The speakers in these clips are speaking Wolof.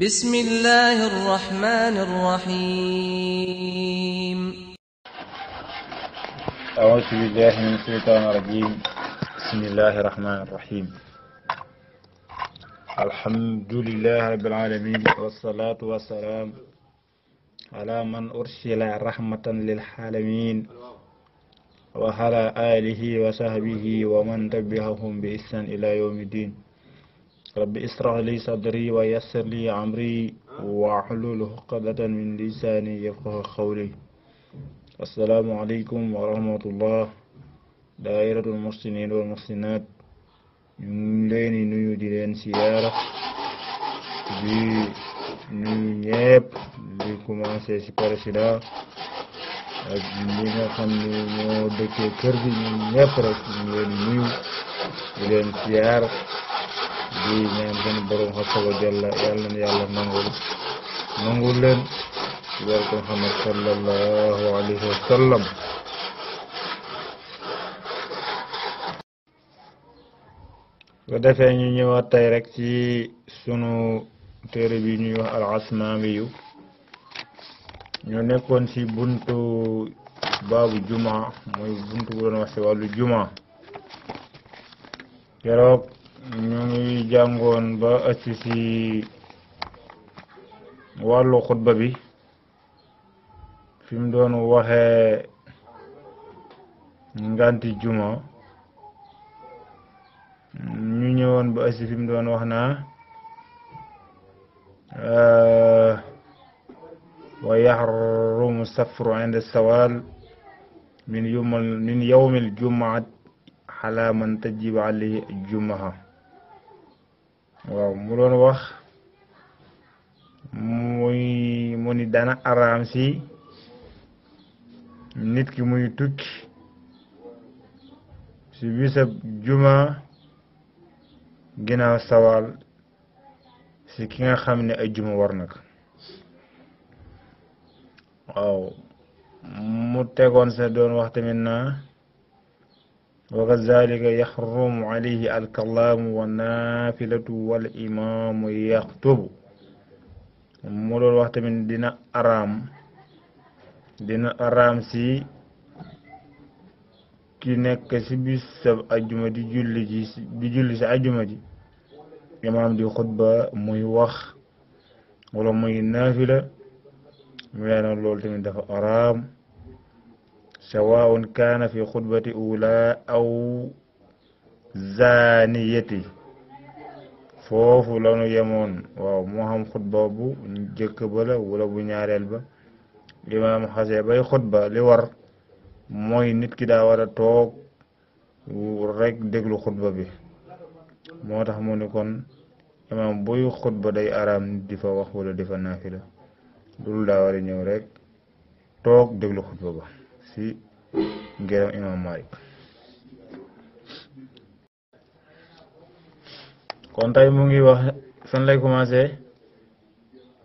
بسم الله الرحمن الرحيم أعوذ بالله من الشيطان الرجيم بسم الله الرحمن الرحيم الحمد لله رب العالمين والصلاة والسلام على من أرسل رحمة للعالمين وعلى آله وصحبه ومن تبعهم بإحسان إلى يوم الدين ربي اسرح لي صدري ويسر لي عمري واحلل عقدة من لساني يفقه خولي السلام عليكم ورحمة الله دائرة المسلمين والمسلمات نولين نيو دين سيارة بي نيب لكم عسي سيبار سيلا أجلينا خمي مو دكي نيب رك نيو دين سيارة di ñaan sunu borom xasa wa yàlla na yàlla nangul nangul leen barke Muhammad sallallahu alayhi wa sallam defee ñu ñëwaat tey rek ci sunu téere bi ñuy wax al asmawiyu ñu nekkoon ci buntu baabu juma mooy buntu bu doon wax ci wàllu juma keroog ñu ngi jàngoon ba agsi si wàllu xutba bi fi mu doon waxee nganti juma ñu ñëwoon ba agsi fi mu doon wax naa wa yaxrumu safru inda sawal min yawmal min yawmil jumaat xalaa man tajib alayhi jumaha waaw mu doon wax muy mu ni dana araam si nit ki muy tukki si bisab juma ginaa sawaal si ki nga xam ni ay juma war na ko waaw mu tegoon sa doon wax tamit وكذلك يحرم عليه الكلام والنافلة والإمام يخطب مولو الوقت من دين أرام دين أرام سي كي نك سي بيس سب أجمع دي جولي جي دي جولي سي أجمع دي إمام دي خطبة موي وخ ولو موي نافلة ميانا لول تمن دفع أرام سواء كان في خطبة أولى أو زانيتي foofu la ñu yemoon waaw moo xam xutba bu njëkk ba la wala bu ñaareel ba imaam xasee bay xutba li war mooy nit ki daa war a toog rek déglu xutba bi moo tax mu ni kon imaam buy xutba day araam di fa wax wala di fa naafila loolu daa war ñëw rek toog déglu xutba ba si geeram imaam Maalik kon tey mu ngi wax fan lay commencé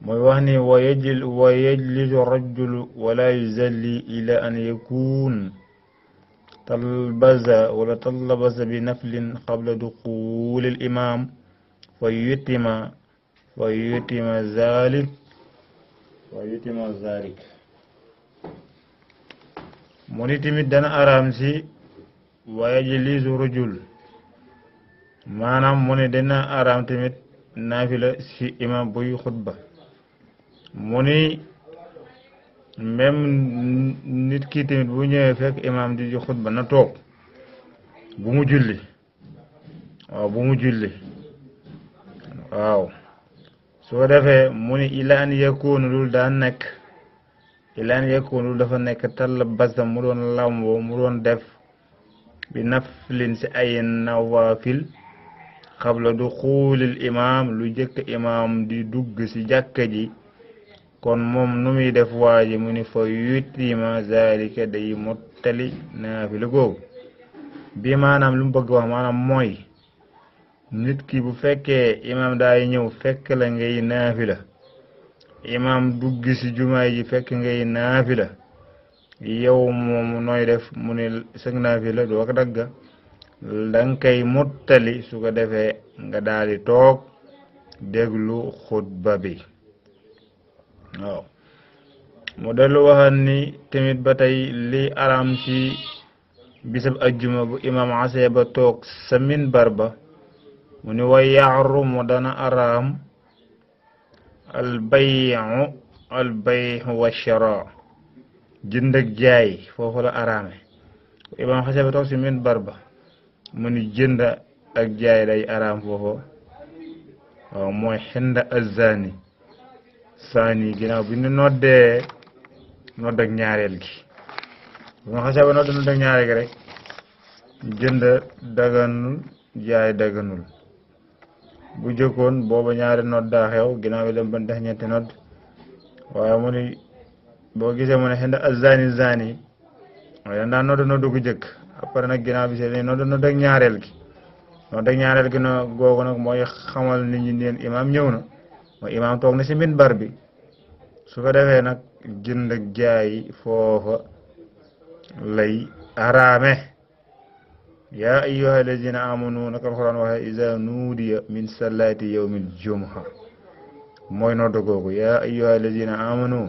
moy wax ni wayajil wa rajul wa la rajulu ila an yakun talbaza wa la talbaza bi naflin qabla duqul al imam wa yutima wa yutima zalik wa yutima zalik mu ni tamit dana araam si waaye ji liisu rajul maanaam mu ne dana araam tamit naafila si imam buy xutba mu ni nit ki tamit bu ñëwee fekk imam di di xutba na toog bu mu julli waaw bu mu julli waaw soo defee mu ni ila an yakunu loolu daa nekk ilaan yekkoon dafa nekk tal basam mu doon lamboo mu doon def bi naflin si ay nawaafil xabla du xuulil imaam lu jëkk imaam di dugg ci jàkka ji kon moom nu muy def waaji mu ni fa yutima zalika day mottali naafila googu bi maanaam lu mu bëgg wax maanaam mooy nit ki bu fekkee imaam daay ñëw fekk la ngay naafila imaam dugg si jumaa ji fekk ngay naafila yow moom nooy def mu ne sëg naafila du ak dagga danga koy mottali su ko defee nga daali toog déglu xutba bi waaw mu dellu waxan ni tamit ba tey li araam ci bisab ajjuma bu imaam asee ba toog sa minbar ba mu ni wa yaxrumu dana araam albayu albayu wa shara jënd ak jaay foofu la araame imaam xasee ba toog si min barba mu jënd ak jaay day araam foofu waaw mooy xinda azzaani saani ginnaaw bi ñu noddee nodd ñaareel gi bu ma xasee ba nodd ñaareel gi rek jënd daganul jaay daganul bu jëkkoon booba ñaari nodd daa xew ginnaaw bi dem ba tax ñetti nodd waaye mu boo gisee mu ne a na azzaani zaani mooy dañ daan nodd nodd gu jëkk après nag ginnaaw bi see nodd nodd ñaareel gi nodd ñaareel gi no googu nag mooy xamal nit ñi neen imaam ñëw na mooy imaam toog na si minbar bi su ko defee nag jënd ak foofa lay araame يا أيها الذين آمنوا نقرأ القرآن وها إذا نودي من صلاة يوم الجمعة ما ينادوكوا يا أيها الذين آمنوا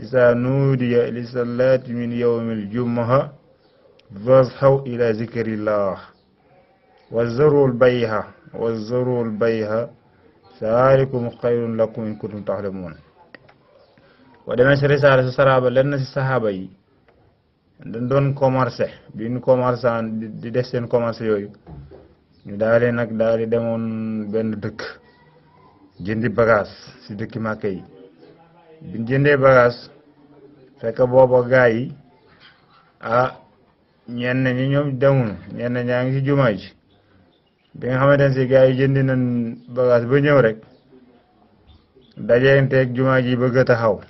إذا نودي لصلاة من يوم الجمعة فاصحوا إلى ذكر الله وزروا البيها وزروا البيها سالكم خير لكم إن كنتم تعلمون ودمشق رسالة سرابة لنا الصحابة dañ doon commercé bi ñu commercé di def seen commerce yooyu ñu daal di nag daal di demoon benn dëkk jëndi bagaas si dëkk Màkka yi biñ jëndee bagage fekk booba gaa yi ah ñenn ñi ñoom demuñu ñenn ñaa ngi si jumaa ji bi nga xamante ne si gaa yi jëndi nañ bagage ba ñëw rek dajeenteeg jumaa ji bëgg a taxaw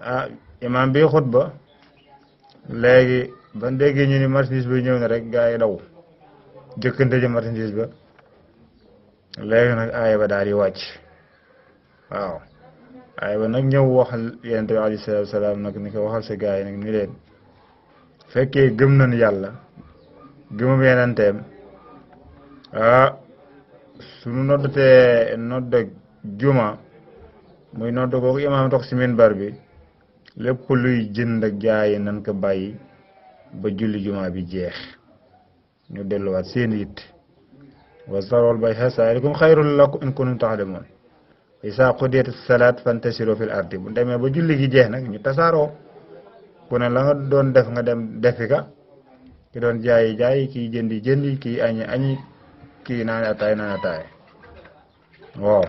ah imaam bi xutba léegi ba déggee ñu ni marchandise ba ñëw na rek gaay yi daw jëkkante ji marchandise ba léegi nag aaya ba daal di wàcc waaw aaya ba nag ñëw waxal yonent bi alayhi salaatu salaam nag ni ko waxal sa gaa yi nag ni leen fekkee gëm nañu yàlla gëmam yenenteem ah sunu noddatee nodd juma muy nodd kooku imaam tox si minbar bi lépp luy jënd ak jaaye nan ko bàyyi ba julli jumaa bi jeex ñu delluwaat seen it wasarol bay xasaalikum xayrul lakum in kuntum taxlamoon isaa qudiyat salaat fantasiro fil ardi bu demee ba julli gi jeex nag ñu tasaaroo ku ne la nga doon def nga defi ka ki doon jaayi jaayi ki jëndi jëndi kii añi añi kii naan ataay naan ataay waaw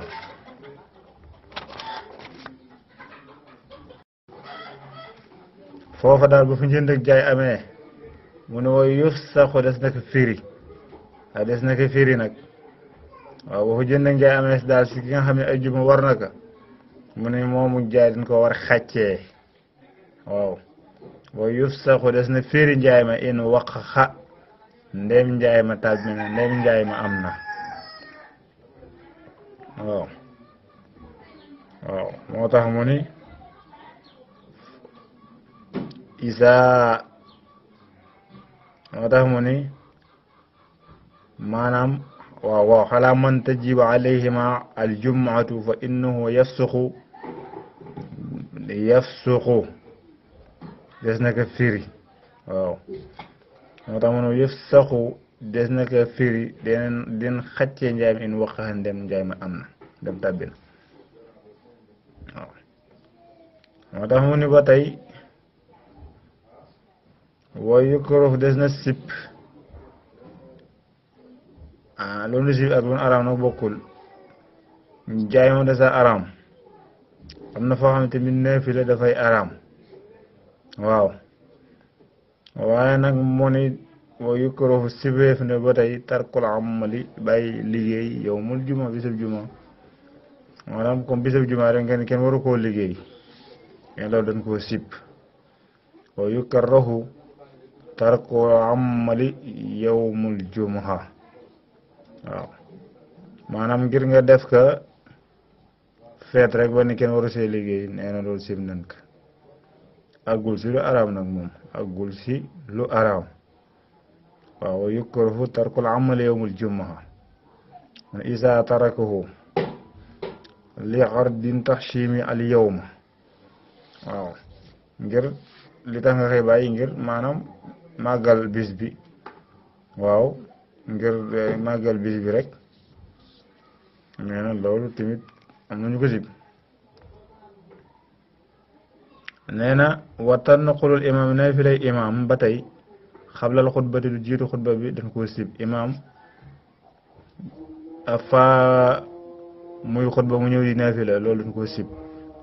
foofa daal bu fi njënd ak jaay amee mu ne wooy yuf saxu des na ko firi waaw ah, des na ko firi nag waaw bu fi jënd ak jaay amee daal si ki nga xam ne ay juma war na ko mu ne jaay dañ ko war xàccee waaw wooy yuf saxu des na firi njaay ma in waq xa ndem njaay ma tàbbi na ndem njaay ma am na waaw moo tax mu ni إذا هذا هوني ما نام وحلا من تجيب عليهما الجمعة فإنه يفسخ يفسخ دسنا كفيري أو هذا هو يفسخ دسنا كفيري دين دين خاتين جاي من وقهن دم جاي ما أمنا دم تابين هذا هوني بتاعي wa yukrahu des na sip ah loolu sip ak loolu araam nag bokkul jaay moom dasa araam am na foo xam te min neefi dafay araam waaw waaye nag moo ni wa yukrahu sibeef ne ba tey tarkul amali bàyyi liggéey yow mul juma bisab juma maanaam comme bisab juma rek kenn waru koo liggéey ngeen loolu dañ koo sip wa yukrahu tarku amali yowmul jumuha waaw maanaam ngir nga def ka feet rek ba ni kenn waru see liggéey nee na loolu sim nañ ko lu araam nag moom ak si lu araam waaw yukrahu tarkul amali yowmul jumuha isa tarakahu li ardin taxchimi al yowma waaw ngir li tax nga xëy bàyyi ngir maanaam màggal bis bi waaw ngir eh, màggal bis bi rek nee na loolu tamit am nañu ko sib nee na waxtaan na xulul imaam ne fi imaam ba tey xablal xutbati lu jiitu xutba bi dañ koo sib imaam fa muy xutba mu ñëw di naafila loolu dañ koo sib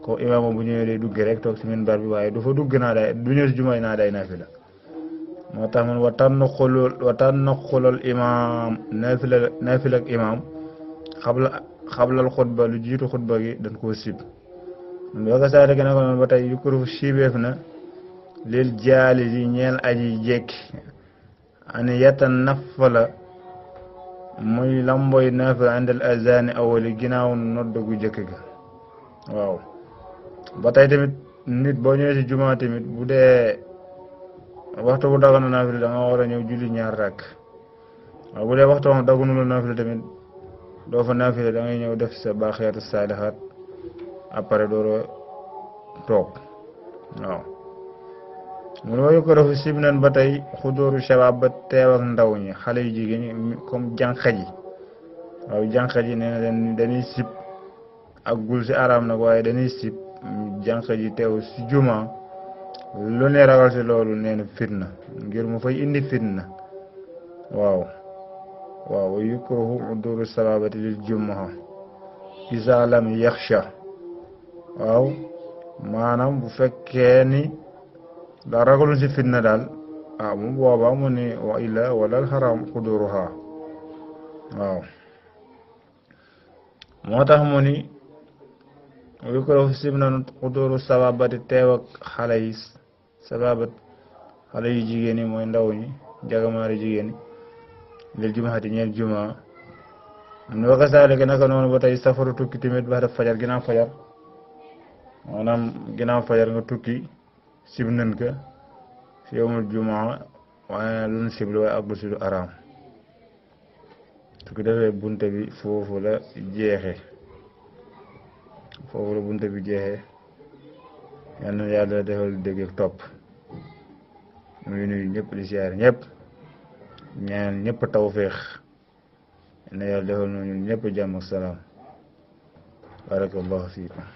ko imaam bu ñëwee day dugg rek toog si minbar bi waaye du fa dugg naa day du ñëw si jumaa naa day naafila moo tax mun watan na xulul watan na xulal imaam naafila naafila ak imaam xabla xablal xutba lu jiitu xutba gi dañ koo sib boo ko saa rek nag noonu ba tey siibeef na lil jaali yi ñeel aji jekki ani yatan nafala muy lamboy naafila àndal azaani awali ginnaaw nodd gu jëkk waaw ba tamit nit boo ñëwee ci jumaa tamit bu dee waxtu bu daganu naafila da nga a ñëw julli ñaar rakk waaw bu dee waxtu wax daganu la naafila doo fa naafila da ñëw def sa baaxiyaatu saalihaat après dooro toog waaw mu ne refu sib nan ba tey u shabaab ba teew ndaw ñi xale yu jigéen ñi comme jànq ji waaw jànq ji nee na sib ak gul araam nag waaye dañuy sib jànq ji teew si juma lu ne ragal si loolu nee fitna ngir mu fay indi fitna waaw waaw yukrahu uduru sababati lil jummaha isa lam yaxsha waaw maanaam bu fekkee ni daa ragalul fitna daal ah mu mu ne wa illa walal xaram xuduruha waaw moo tax mu ni yukrahu sib na xuduru sababati teew ak xale sababat xale yu jigéen mooy ndaw ñi jagamaari jigéen ñi lil jumaati ñeel juma am waka naka noonu ba tey tukki tamit ba def fajar ginnaaw fajar maanaam ginnaaw fajar nga tukki sib nan ka jumaa waaye lun sibli waaye ab sidu araam tukki defee bunte bi foofu la jeexe foofu la bunte bi jeexe yal na yàlla defal dégg ak topp ñu ngi nuyu ñëpp di siyaare ñëpp ñaan ñëpp tawféex yal na yàlla defal ñun ñëpp jàmm ak salaam barakallahu fiikum